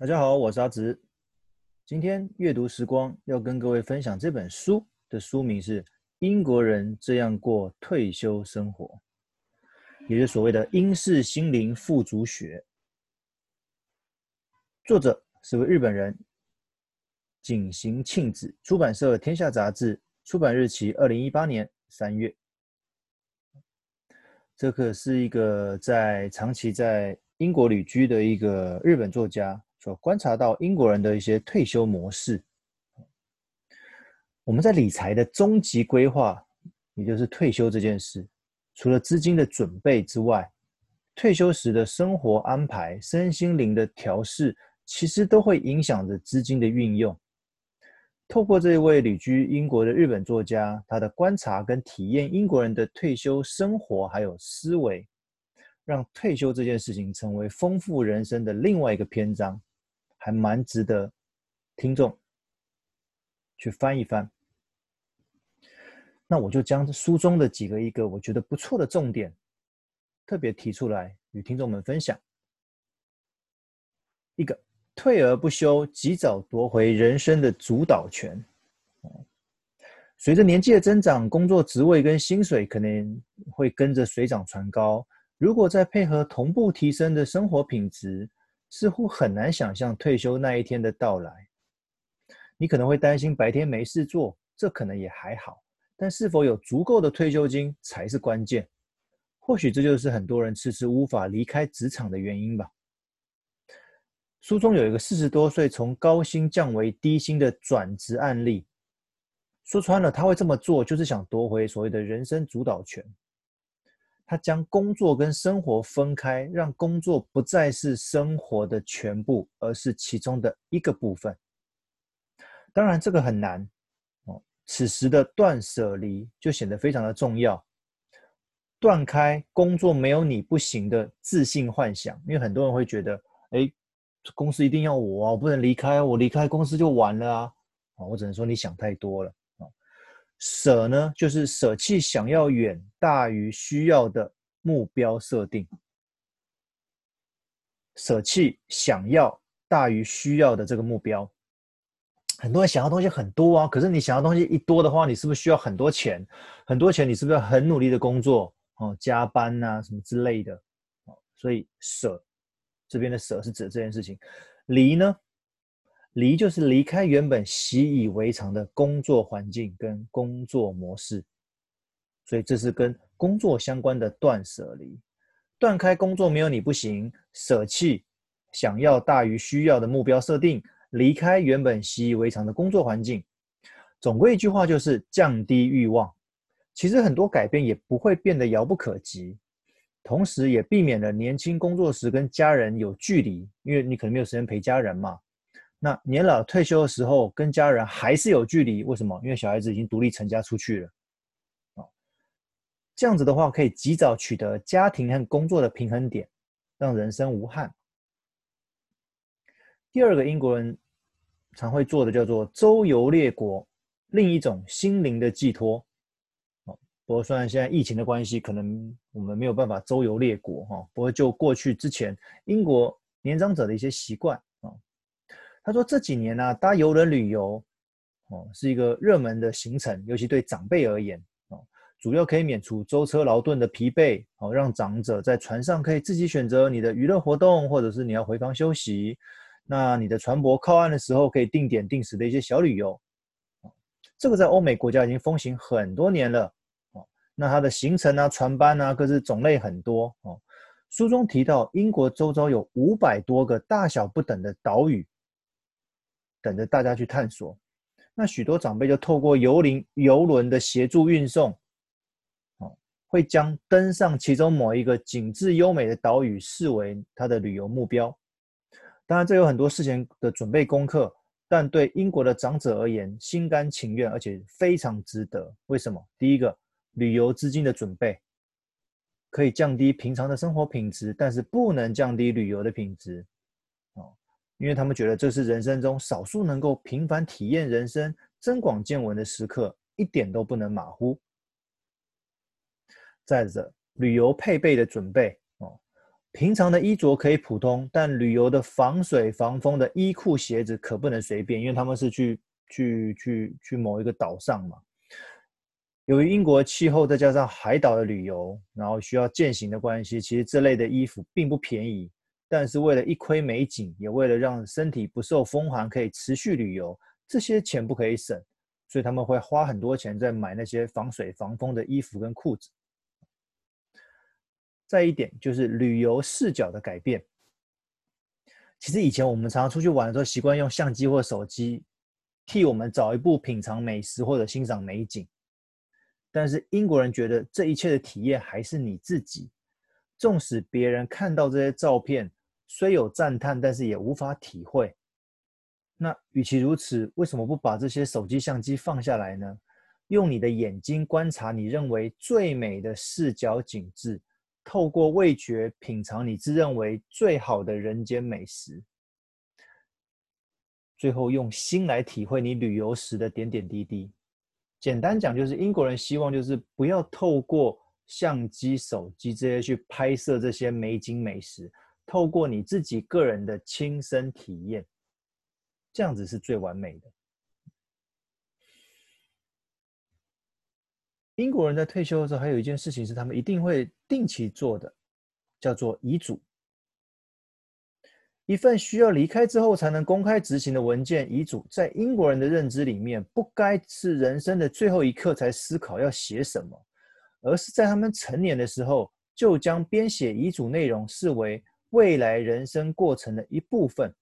大家好，我是阿直。今天閱讀時光要跟各位分享這本書的書名是《英國人這樣過退休生活》，也就是所謂的“英式心靈富足學”。作者是位日本人，井形慶子。出版社《天下雜誌》，出版日期二零一八年三月。這可是一個在長期在英國旅居的一個日本作家。有觀察到英國人的一些退休模式。我們在理財的終極規劃，也就是退休這件事，除了資金的準備之外，退休時的生活安排、身心靈的調適，其實都會影響着資金的運用。透過這一位旅居英國的日本作家，她的觀察跟體驗英國人的退休生活還有思維，讓退休這件事情成為豐富人生的另外一個篇章。還蠻值得聽眾去翻一翻。那我就將書中的幾個一個我覺得不錯的重點，特別提出來與聽眾們分享。一個退而不休，及早奪回人生的主導權。隨着年紀的增長，工作職位跟薪水可能會跟着水漲船高，如果再配合同步提升的生活品質。似乎很難想象退休那一天的到來。你可能會擔心白天沒事做，這可能也還好，但是否有足夠的退休金才是關鍵。或許這就是很多人遲遲無法離開職場的原因吧。書中有一個四十多歲從高薪降為低薪的轉職案例，說穿了他會這麼做就是想奪回所謂的人生主導權。他將工作跟生活分開，讓工作不再是生活的全部，而是其中的一個部分。當然，這個很難哦。此時的斷舍離就顯得非常的重要，斷開工作沒有你不行的自信幻想。因為很多人會覺得，哎，公司一定要我啊，我不能離開啊，我離開公司就完了啊！啊，我只能說你想太多了。捨呢，就是捨棄想要遠大於需要的目標設定，捨棄想要大於需要的這個目標。很多人想要東西很多啊，可是你想要東西一多的話，你是不是需要很多錢？很多錢，你是不是要很努力的工作哦，加班吶、啊、什麼之類的。哦，所以捨這邊的捨是指這件事情，離呢？離就是離開原本習以為常的工作環境跟工作模式，所以這是跟工作相關的斷捨離，斷開工作沒有你不行，捨棄想要大於需要的目標設定，離開原本習以為常的工作環境。總歸一句話就是降低慾望。其實很多改變也不會變得遙不可及，同時也避免了年輕工作時跟家人有距離，因為你可能沒有時間陪家人嘛。那年老退休的時候，跟家人還是有距離，為什麼？因為小孩子已經獨立成家出去了，這樣子的話可以及早取得家庭和工作的平衡點，讓人生無憾。第二個英國人常會做的叫做周遊列國，另一種心靈的寄托。不過雖然現在疫情的關係，可能我們沒有辦法周遊列國哈，不過就過去之前英國年長者的一些習慣。他說這幾年呢，啊，搭郵輪旅遊，哦，是一個熱門的行程，尤其對長輩而言，哦，主要可以免除舟車勞頓的疲憊，哦，讓長者在船上可以自己選擇你的娛樂活動，或者是你要回房休息。那你的船舶靠岸的時候，可以定點定時的一些小旅遊，哦，這個在歐美國家已經風行很多年了，哦，那它的行程啊，船班啊，各式種類很多，哦，書中提到英國周遭有五百多個大小不等的島嶼。等着大家去探索。那許多長輩就透過遊輪遊輪的協助運送，啊，會將登上其中某一個景致優美的島嶼視為他的旅遊目標。當然，這有很多事前的準備功課，但對英國的長者而言，心甘情願而且非常值得。為什麼？第一個，旅遊資金的準備可以降低平常的生活品質，但是不能降低旅遊的品質。因為他們覺得這是人生中少數能夠頻繁體驗人生、增廣見聞的時刻，一點都不能馬虎。再者，旅遊配備的準備哦，平常的衣着可以普通，但旅遊的防水、防風的衣褲、鞋子可不能隨便，因為他們是去去去去某一個島上嘛。由於英國氣候，再加上海島的旅遊，然後需要健行的關係，其實這類的衣服並不便宜。但是為了一窺美景，也為了讓身體不受風寒，可以持續旅遊，這些錢不可以省，所以他們會花很多錢在買那些防水防風的衣服跟褲子。再一點就是旅遊視角的改變。其實以前我們常常出去玩的時候，習慣用相機或手機替我們找一部品嘗美食或者欣賞美景。但是英國人覺得這一切的體驗還是你自己，縱使別人看到這些照片，雖有讚嘆，但是也無法體會。那與其如此，為什麼不把這些手機相機放下來呢？用你的眼睛觀察你認為最美的視角景致，透過味覺品嘗你自認為最好的人間美食，最後用心來體會你旅遊時的點點滴滴。簡單講，就是英國人希望就是不要透過相機、手機這些去拍攝這些美景美食。透過你自己個人的親身體驗，這樣子是最完美的。英國人在退休的時候，還有一件事情是他們一定會定期做的，叫做遺囑。一份需要離開之後才能公開執行的文件，遺囑在英國人的認知裡面，不該是人生的最後一刻才思考要寫什麼，而是在他們成年的時候，就將編寫遺囑內容視為。未來人生過程的一部分，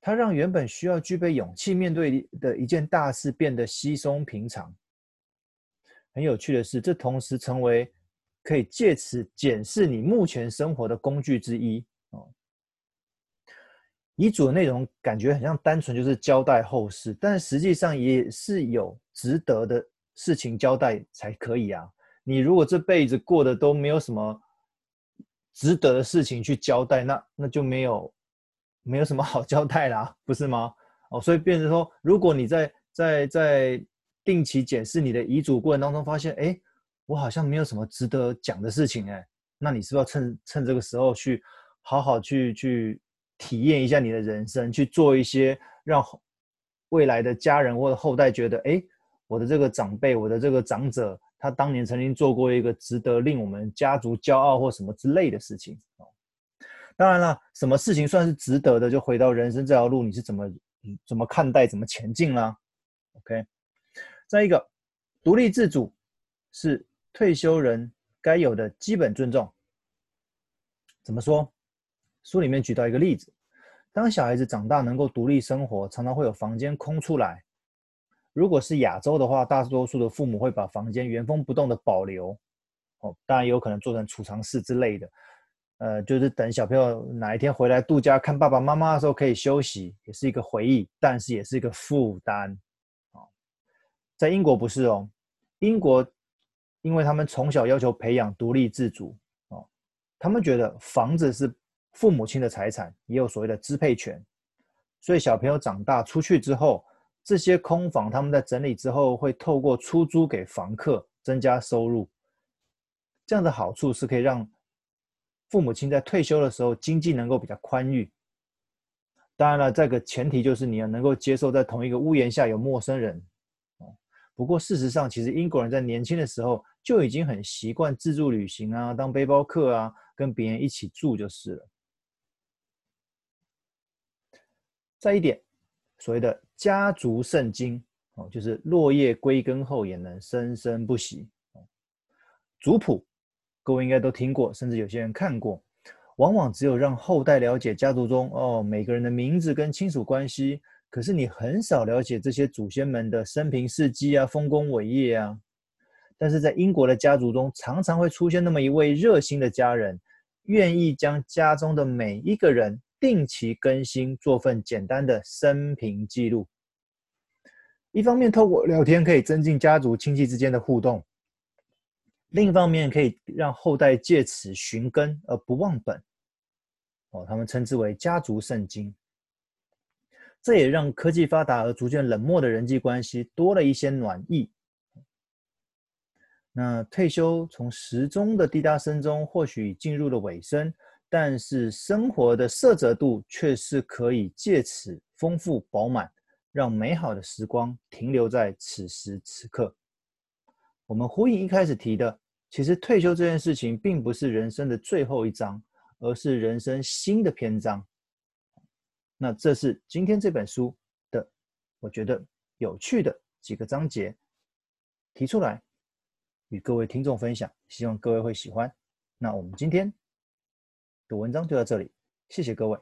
它讓原本需要具備勇氣面對的一件大事變得稀鬆平常。很有趣的是，這同時成為可以借此檢視你目前生活的工具之一。哦，遺囑的內容感覺很像單純就是交代後事，但實際上也是有值得的事情交代才可以啊。你如果這輩子過得都沒有什麼。值得的事情去交代，那那就沒有，沒有什麼好交代啦，不是嗎？哦，所以變成說，如果你在在在定期檢視你的遺囑過程當中，發現，哎，我好像沒有什麼值得講的事情，哎，那你是不是要趁趁這個時候去好好去去體驗一下你的人生，去做一些讓未來的家人或者後代覺得，哎，我的這個長輩，我的這個長者。他當年曾經做過一個值得令我們家族驕傲或什麼之類的事情。當然了，什麼事情算是值得的，就回到人生這條路，你是怎麼，嗯，怎麼看待，怎麼前進啦，啊？OK。再一個，獨立自主是退休人該有的基本尊重。怎麼說？書裡面舉到一個例子，當小孩子長大能夠獨立生活，常常會有房間空出來。如果是亞洲的話，大多數的父母會把房間原封不動的保留，哦，當然也有可能做成儲藏室之類的，呃，就是等小朋友哪一天回來度假看爸爸媽媽的時候可以休息，也是一個回憶，但是也是一個負擔，啊，在英國不是哦，英國，因為他們從小要求培養獨立自主，哦，他們覺得房子是父母親的財產，也有所謂的支配權，所以小朋友長大出去之後。這些空房，他們在整理之後會透過出租給房客，增加收入。這樣的好處是可以讓父母親在退休的時候經濟能夠比較寬裕。當然了，這個前提就是你要能夠接受在同一個屋檐下有陌生人。不過事實上，其實英國人在年輕的時候就已經很習慣自助旅行啊，當背包客啊，跟別人一起住就是了。再一點，所謂的。家族聖經哦，就是落葉歸根後也能生生不息。族譜，各位應該都聽過，甚至有些人看過，往往只有讓後代了解家族中，哦，每個人的名字跟親屬關係，可是你很少了解這些祖先們的生平事蹟啊、豐功偉業啊。但是在英國的家族中，常常會出現那麼一位熱心的家人，願意將家中的每一個人定期更新，做份簡單的生平記錄。一方面透過聊天可以增進家族親戚之間的互動，另一方面可以讓後代借此尋根而不忘本。哦，他們稱之為家族聖經。這也讓科技發達而逐漸冷漠的人際關係多了一些暖意。那退休從時鐘的滴答聲中或許進入了尾聲，但是生活的色澤度卻是可以借此豐富飽滿。讓美好的時光停留在此時此刻。我們呼應一開始提的，其實退休這件事情並不是人生的最後一章，而是人生新的篇章。那這是今天這本書的，我覺得有趣的幾個章節，提出來與各位聽眾分享，希望各位會喜歡。那我們今天的文章就到這裡，謝謝各位。